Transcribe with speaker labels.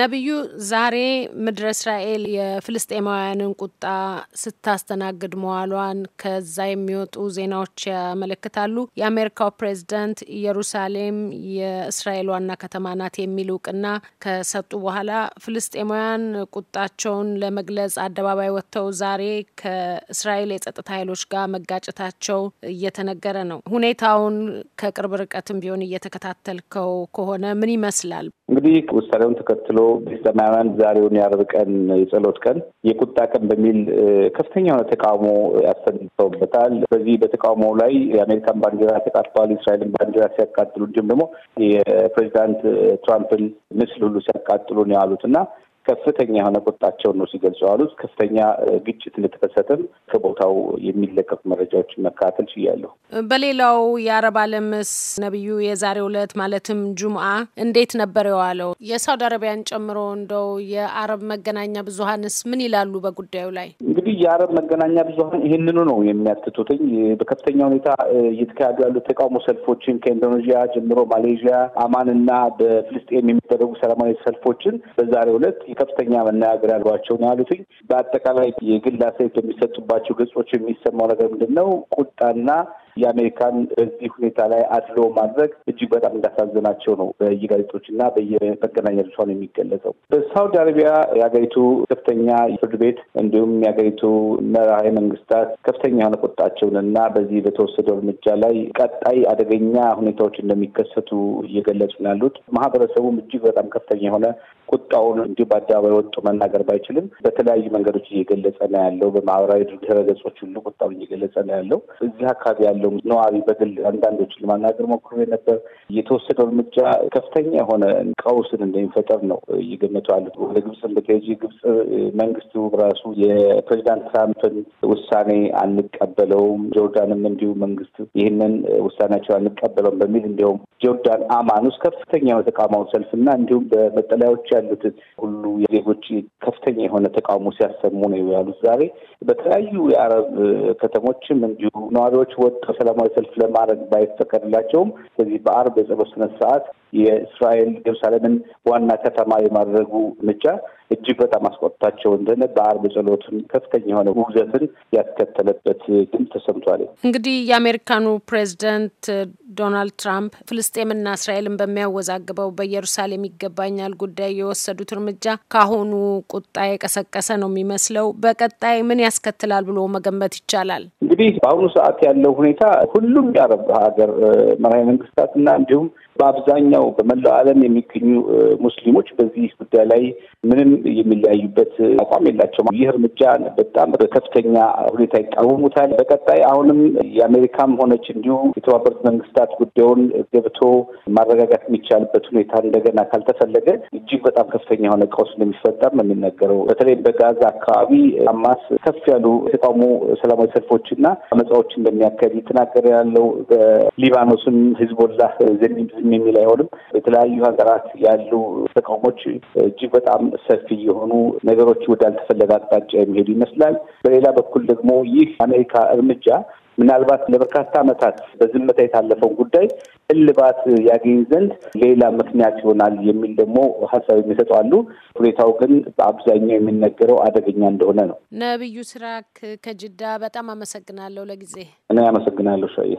Speaker 1: ነቢዩ ዛሬ ምድረ እስራኤል የፍልስጤማውያንን ቁጣ ስታስተናግድ መዋሏን ከዛ የሚወጡ ዜናዎች ያመለክታሉ። የአሜሪካው ፕሬዝዳንት ኢየሩሳሌም የእስራኤል ዋና ከተማ ናት የሚል እውቅና ከሰጡ በኋላ ፍልስጤማውያን ቁጣቸውን ለመግለጽ አደባባይ ወጥተው ዛሬ ከእስራኤል የጸጥታ ኃይሎች ጋር መጋጨታቸው እየተነገረ ነው። ሁኔታውን ከቅርብ ርቀትም ቢሆን እየተከታተልከው ከሆነ ምን ይመስላል?
Speaker 2: እንግዲህ ውሳኔውን ተከትሎ ተከትሎ ቤተሰማውያን ዛሬውን የአርብ ቀን የጸሎት ቀን የቁጣ ቀን በሚል ከፍተኛ የሆነ ተቃውሞ ያሰምተውበታል። በዚህ በተቃውሞ ላይ የአሜሪካን ባንዲራ ተቃጥሏል። እስራኤልን ባንዲራ ሲያቃጥሉ እንዲሁም ደግሞ የፕሬዚዳንት ትራምፕን ምስል ሁሉ ሲያቃጥሉ ነው ያሉት እና ከፍተኛ የሆነ ቁጣቸውን ነው ሲገልጹ አሉት። ከፍተኛ ግጭት እንደተከሰተም ከቦታው የሚለቀቁ መረጃዎችን መከታተል ችያለሁ።
Speaker 1: በሌላው የአረብ ዓለምስ ነቢዩ የዛሬ ዕለት ማለትም ጁምአ እንዴት ነበር የዋለው? የሳውዲ አረቢያን ጨምሮ እንደው የአረብ መገናኛ ብዙሀንስ ምን ይላሉ በጉዳዩ ላይ?
Speaker 2: እንግዲህ የአረብ መገናኛ ብዙሀን ይህንኑ ነው የሚያትቱትኝ። በከፍተኛ ሁኔታ እየተካሄዱ ያሉ ተቃውሞ ሰልፎችን ከኢንዶኔዥያ ጀምሮ ማሌዥያ፣ አማን እና በፍልስጤም የሚደረጉ ሰላማዊ ሰልፎችን በዛሬ ዕለት ከፍተኛ መነጋገር ያሏቸው ነው ያሉትኝ። በአጠቃላይ የግል አስተያየት በሚሰጡባቸው ገጾች የሚሰማው ነገር ምንድን ነው? ቁጣና የአሜሪካን በዚህ ሁኔታ ላይ አድሎ ማድረግ እጅግ በጣም እንዳሳዘናቸው ነው በየጋዜጦች እና በየመገናኛ ብዙኃን የሚገለጸው። በሳውዲ አረቢያ የሀገሪቱ ከፍተኛ ፍርድ ቤት እንዲሁም የሀገሪቱ መራሄ መንግስታት ከፍተኛ የሆነ ቁጣቸውን እና በዚህ በተወሰደው እርምጃ ላይ ቀጣይ አደገኛ ሁኔታዎች እንደሚከሰቱ እየገለጹ ነው ያሉት። ማህበረሰቡም እጅግ በጣም ከፍተኛ የሆነ ቁጣውን እንዲሁ በአደባባይ ወጡ መናገር ባይችልም በተለያዩ መንገዶች እየገለጸ ነው ያለው። በማህበራዊ ድረገጾች ሁሉ ቁጣውን እየገለጸ ነው ያለው። እዚህ አካባቢ ያለው ያለው ነዋሪ በግል አንዳንዶች ለማናገር ሞክሬ ነበር። የተወሰደው እርምጃ ከፍተኛ የሆነ ቀውስን እንደሚፈጠር ነው እየገመቱ ያሉት። ወደ ግብጽ በተያያዘ የግብጽ መንግስቱ ራሱ የፕሬዚዳንት ትራምፕን ውሳኔ አንቀበለውም፣ ጆርዳንም እንዲሁ መንግስት ይህንን ውሳኔያቸው አንቀበለውም በሚል እንዲሁም ጆርዳን አማን ውስጥ ከፍተኛ የሆነ ተቃውሞ እና እንዲሁም በመጠለያዎች ያሉትን ሁሉ የዜጎች ከፍተኛ የሆነ ተቃውሞ ሲያሰሙ ነው ያሉት። ዛሬ በተለያዩ የአረብ ከተሞችም እንዲሁ ነዋሪዎች ወጥተው ሰላማዊ ሰልፍ ለማድረግ ባይፈቀድላቸውም በዚህ በአርብ የጸሎት ስነ ስርዓት የእስራኤል ኢየሩሳሌምን ዋና ከተማ የማድረጉ እርምጃ እጅግ በጣም አስቆጥታቸው እንደሆነ በአርብ ጸሎትም ከፍተኛ የሆነ ውግዘትን ያስከተለበት ድምፅ ተሰምቷል።
Speaker 1: እንግዲህ የአሜሪካኑ ፕሬዚደንት ዶናልድ ትራምፕ ፍልስጤምና እስራኤልን በሚያወዛግበው በኢየሩሳሌም ይገባኛል ጉዳይ የወሰዱት እርምጃ ከአሁኑ ቁጣ የቀሰቀሰ ነው የሚመስለው። በቀጣይ ምን ያስከትላል ብሎ መገመት ይቻላል?
Speaker 2: እንግዲህ በአሁኑ ሰዓት ያለው ሁኔታ ሁሉም የአረብ ሀገር መራሄ መንግስታትና እንዲሁም በአብዛኛው በመላው ዓለም የሚገኙ ሙስሊሞች በዚህ ጉዳይ ላይ ምንም የሚለያዩበት አቋም የላቸውም። ይህ እርምጃ በጣም በከፍተኛ ሁኔታ ይቃወሙታል። በቀጣይ አሁንም የአሜሪካም ሆነች እንዲሁ የተባበሩት መንግስታት ጉዳዩን ገብቶ ማረጋጋት የሚቻልበት ሁኔታ እንደገና ካልተፈለገ እጅግ በጣም ከፍተኛ የሆነ ቀውስ እንደሚፈጠር የሚነገረው። በተለይም በጋዛ አካባቢ ሐማስ ከፍ ያሉ የተቃውሞ ሰላማዊ ሰልፎች እና አመፃዎች እንደሚያካሄድ እየተናገረ ያለው በሊባኖስም ህዝቦላ ዘ ሁሉም የሚል አይሆንም። የተለያዩ ሀገራት ያሉ ተቃውሞች እጅግ በጣም ሰፊ የሆኑ ነገሮች ወዳልተፈለገ አቅጣጫ የሚሄዱ ይመስላል። በሌላ በኩል ደግሞ ይህ አሜሪካ እርምጃ ምናልባት ለበርካታ ዓመታት በዝምታ የታለፈውን ጉዳይ እልባት ያገኝ ዘንድ ሌላ ምክንያት ይሆናል የሚል ደግሞ ሀሳብ የሚሰጡ አሉ። ሁኔታው ግን በአብዛኛው የሚነገረው አደገኛ እንደሆነ ነው።
Speaker 1: ነብዩ ስራክ ከጅዳ በጣም አመሰግናለሁ። ለጊዜ
Speaker 2: እኔ አመሰግናለሁ ሻዬ።